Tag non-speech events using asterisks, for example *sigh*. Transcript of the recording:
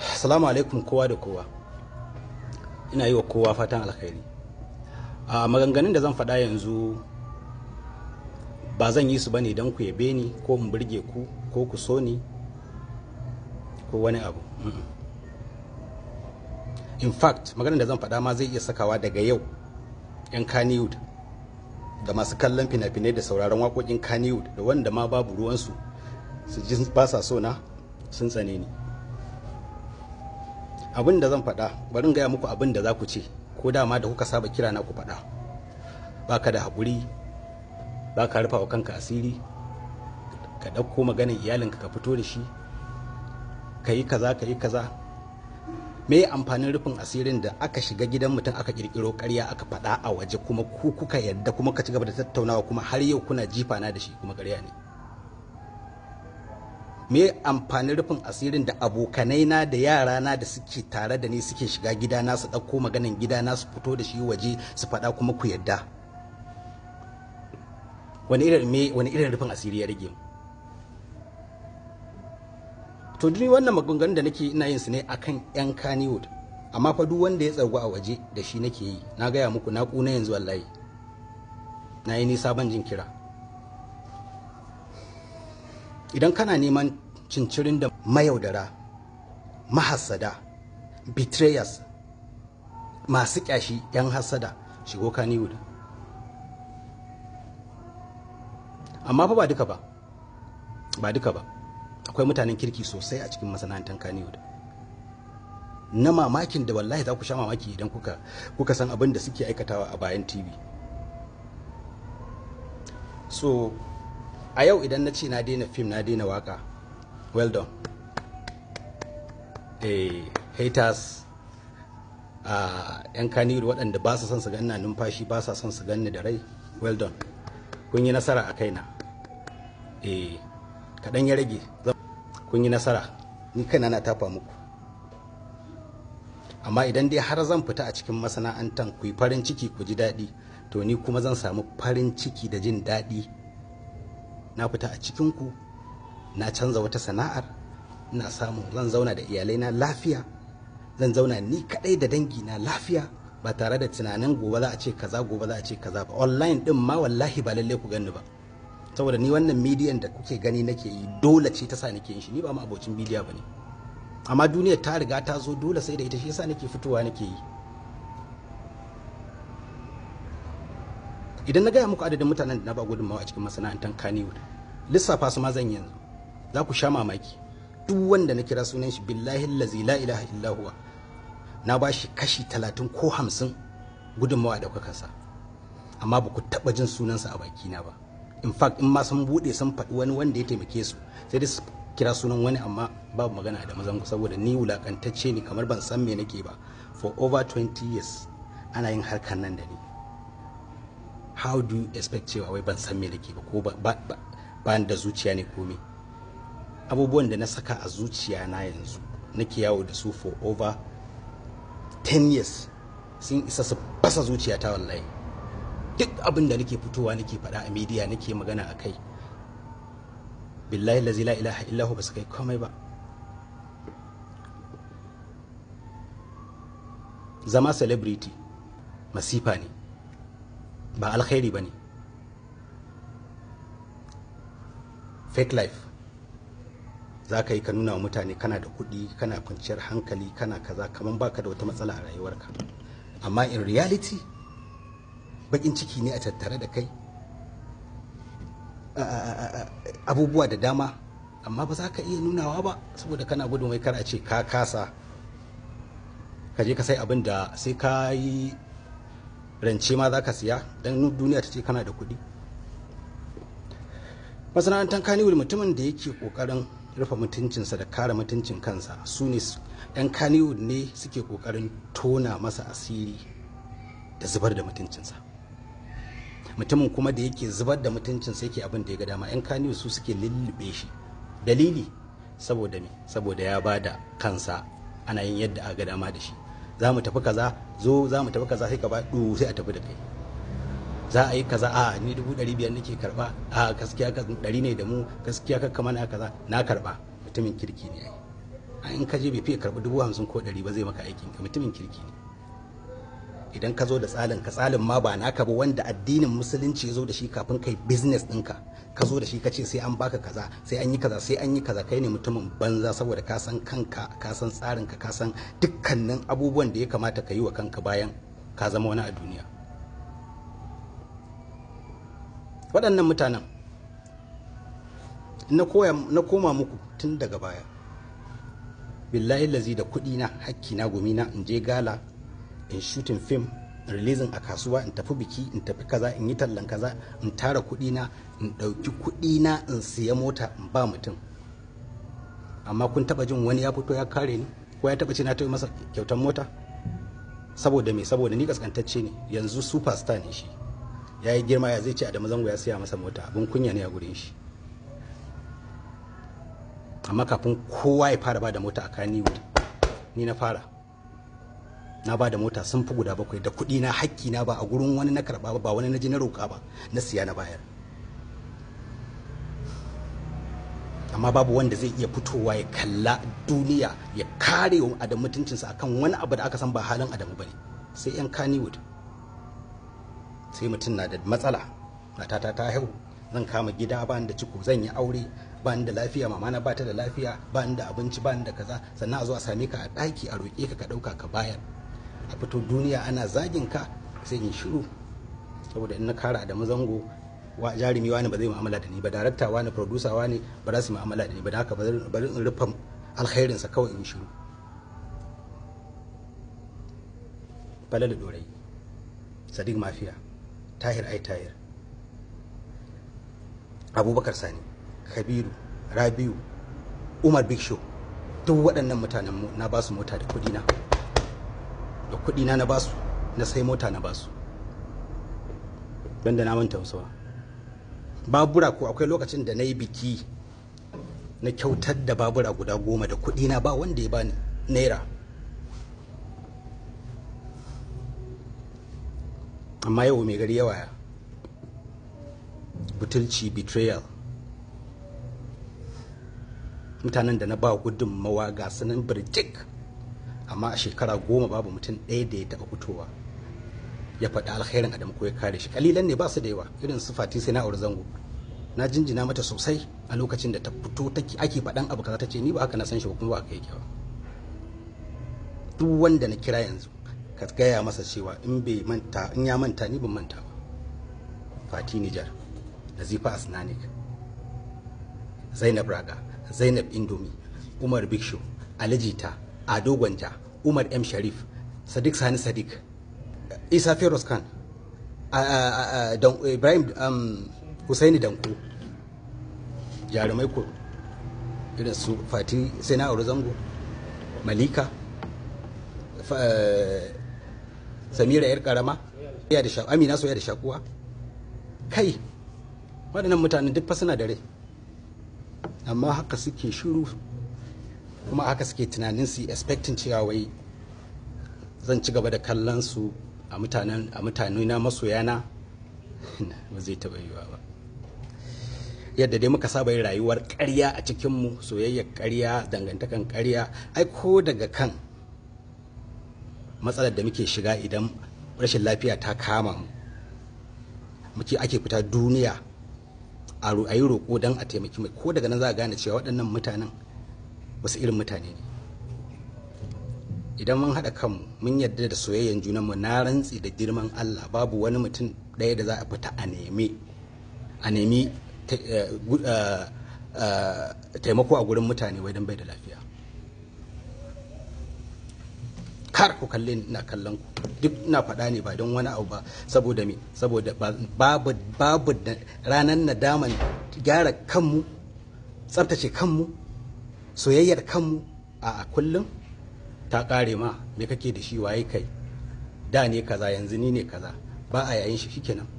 Assalamu alaikum kowa da kowa. Ina yi wa kowa fatan alkhairi. A maganganun da zan faɗa yanzu ba zan yi su bane don ku yabe ni ko mu burge ku ko ku so ni ko wani abu. In fact, maganar da zan faɗa ma zai iya sakawa daga yau 'yan kaniwood da masu kallon fina-finai da sauraron waƙoƙin kaniwood da wanda ma babu ruwansu su ji ba sa so na sun tsane ni. abin da zan faɗa bari gaya muku abin da za ku ce ko dama da kuka saba kira na ku faɗa baka da haƙuri ba ka rufa wa kanka asiri ka ɗauko maganar iyalinka ka fito da shi ka yi kaza ka yi kaza me amfanin rufin asirin da aka shiga gidan mutum aka ƙirƙiro ƙarya aka faɗa a waje kuma ku kuka yadda kuma ka ci gaba da tattaunawa kuma har yau kuna jifa na da shi kuma ƙarya ne me amfanin rufin asirin da abokanai na da yara na da suke tare da ni suke shiga gidana su ɗauko maganin gidana su fito da shi waje su faɗa kuma ku yadda wani irin me wani irin rufin asiri ya rage to duni wannan maganganun da nake ina yin su ne akan yan kaniwood amma fa duk wanda ya tsargu a waje da shi nake yi na gaya muku na kuna yanzu wallahi na yi nisa ban jin kira idan kana neman cincirin da mayaudara mahasada betrayers masu kyashi 'yan hasada shigo kaniwood amma fa ba duka ba ba duka ba akwai mutanen kirki sosai a cikin masana'antar kaniwood na mamakin da wallahi za ku sha mamaki idan kuka kuka san abin da suke aikatawa a bayan tv so a yau idan na ce na daina fim na daina waka well done eh haters a ah, yan kaniru waɗanda ba su son su ganna numfashi ba sa son su ganni da rai well done kun yi nasara a kaina eh kaɗan ya rage kun yi nasara ni kaina na tafa muku amma idan dai har zan fita a cikin masana'antar ku yi farin ciki ku ji daɗi to ni kuma zan samu farin ciki da jin daɗi na fita a cikinku na canza wata sana'ar ina samu zan zauna da iyalai na lafiya zan zauna ni kadai da dangi na lafiya ba tare da tunanin gobe za a ce kaza gobe za a ce kaza ba online din ma wallahi ba lalle ku gani ba saboda ni wannan midiyan da kuke gani nake yi dole ce ta sa nake yin shi ni ba ma abocin midiya ne amma duniya ta riga ta zo dole sai da ita shi yasa nake fitowa nake yi idan na gaya muku adadin mutanen da na ba gudunmawa a cikin masana'antar Kannywood lissafa su ma zan yanzu za ku sha mamaki duk wanda na kira sunan shi billahi lazi la ilaha illahuwa na ba shi kashi talatin ko hamsin gudunmawa da kuka amma ba ku taɓa jin sunansa a baki na ba in fact in ma sun buɗe sun faɗi wani wanda ya taimake su sai dai su kira sunan wani amma babu magana da mazanku saboda ni wulakantacce ne kamar ban san me nake ba for over 20 years ana yin harkar nan da ni how do you expect cewa wai ban san me nake ba ko ba da zuciya ne ko me abubuwan da na saka a zuciya na yanzu nake yawo da su for over 10 years sun isa su fasa zuciya ta wallahi duk abin da nake fitowa nake faɗa a media nake magana a kai billahi lazi la ilaha illahu ba su kai komai ba zama celebrity masifa ne ba alkhairi ba ne fake life za ka yi ka nuna wa mutane kana da kuɗi kana kwanciyar hankali kana kaza kamar baka da wata matsala a rayuwarka amma in reality bakin ciki ne a tattare da kai abubuwa da dama amma ba za ka iya nunawa ba saboda kana gudun wai kar a ce ka kasa ka je ka sai abin da sai ka yi rance ma za ka siya don duniya ta ce kana da kuɗi masana'antar kaniwil mutumin da yake ƙoƙarin rufe mutuncinsa da kare mutuncin kansa su ne 'yan kaniwil ne suke ƙoƙarin tona masa asiri da zubar da mutuncinsa mutumin kuma da yake zubar da mutuncinsa yake abin da ya ga dama 'yan kaniwil su suke lullube shi dalili saboda me saboda ya ba da kansa ana yin yadda a ga dama da shi za mu tafi kaza zo za mu tafi kaza sai ka ba du sai a tafi da kai za a yi kaza a ni dubu ɗari biyar nake karɓa a gaskiya ka ɗari ne da mu gaskiya ka kama na kaza na karɓa mutumin kirki ne ai in ka je bai fiye karɓi dubu hamsin ko ɗari ba zai maka aikin ka mutumin kirki ne idan ka zo da tsalin ka tsalin ma ba naka ba wanda addinin musulunci ya zo da shi kafin kai business ɗinka ka zo da shi ka ce sai an baka kaza sai an yi kaza sai an yi kaza kai ne mutumin banza saboda ka san kanka ka san tsarin ka ka san dukkanin abubuwan da ya kamata ka yi wa kanka bayan ka zama wani a duniya waɗannan mutanen na koma muku tun daga baya billahi lazi da kuɗi na hakki na gumi na in je gala in shooting film releasing a kasuwa in tafi biki in tafi kaza in yi tallan kaza in tara kuɗi na in ɗauki kuɗi na in siya mota in ba mutum amma kun taba jin wani ya fito ya kare ni ko ya taba ce na taɓa masa kyautar mota saboda me saboda ni kaskantacce ne yanzu superstar ne shi ya yi girma ya zai ce adamu zango ya siya masa mota abin kunya ne a gurin shi amma kafin kowa ya fara ba da mota a kani ni na fara na ba da mota sun fi guda bakwai da kuɗi na hakki na ba a gurin wani na karɓa ba wani na ji na roƙa ba na siya na bayar amma babu wanda zai iya fitowa ya kalla duniya ya kare wa adam mutuncinsa akan wani abu da aka san ba halin adamu bane sai yan kaniwood sai mutum na da matsala matata ta haihu zan kama gida ba da ciko zan yi aure ba da lafiya mama na ba ta da lafiya ba da abinci ba da kaza sannan a zo a same ka a ɗaki a roƙe ka ka ɗauka ka bayar a fito duniya ana zagin ka sai in shiru saboda in na kara da mazango wa jarumi wani ba zai mu'amala da ni ba darakta wani producer wani ba za su mu'amala da ni ba da haka ba in rufa alkhairinsa kawai in shiru da dorai sadiq mafiya tahir ai tahir abubakar sani kabiru rabiu umar big show duk waɗannan mutanen na ba su mota da kudi na da kuɗi na na basu na sai mota na basu banda na manta musuwa babura ko akwai lokacin da na yi biki na kyautar da babura guda goma da kuɗi na ba wanda ya bani naira amma yau mai gari yawa butulci betrayal mutanen da na ba gudunmawa ga sanin birjik amma a shekara goma babu mutum ɗaya da ya taɓa fitowa ya faɗi alkhairin adamu ko ya kare shi kalilan ne ba su da yawa irin su fati sai na auri zango na jinjina mata sosai a lokacin da ta fito take ake faɗan abu kaza ta ce ni ba haka na san shi ba kuma ba haka yake ba duk wanda na kira yanzu ka gaya masa cewa in bai manta in ya manta ni ban manta ba fati nijar nazifa asnanik zainab raga zainab indomi umar bikshu alijita ado gwanja umar m sharif sadiq sani sadiq isa feroz khan ibrahim um, Hussaini danko jarumai ko irin su fati sai na auri zango malika eh, samira yar karama amina soya da shakuwa kai waɗannan mutanen duk fa suna da rai amma haka suke shiru kuma haka suke tunanin su expecting cewa wai zan ci gaba da kallon su a mutanen a mutane na masoyana *laughs* ba zai taba yiwa ba yadda dai muka saba yin rayuwar ƙarya a cikinmu soyayyar ƙarya dangantakan ƙarya ai ko daga kan matsalar da muke shiga idan rashin lafiya ta kama mu muke ake fita duniya a yi roƙo don a taimaki mai ko daga nan za a gane cewa waɗannan mutanen wasu irin mutane ne idan mun haɗa kanmu mun yarda da soyayyen junanmu na rantsi da girman allah babu wani mutum ɗaya da za a fita a nemi a nemi eh, eh, eh, taimako a gurin mutane wai don bai da lafiya kar ku kalle na kallon ku duk na faɗa ne ba don wani abu ba saboda me saboda babu babu ranar nadaman gyara kanmu tsabtace kanmu soyayyar kanmu a kullum ta kare ma me kake da shi waye kai da ne kaza yanzu ni ne kaza ba a yayin shi shikenan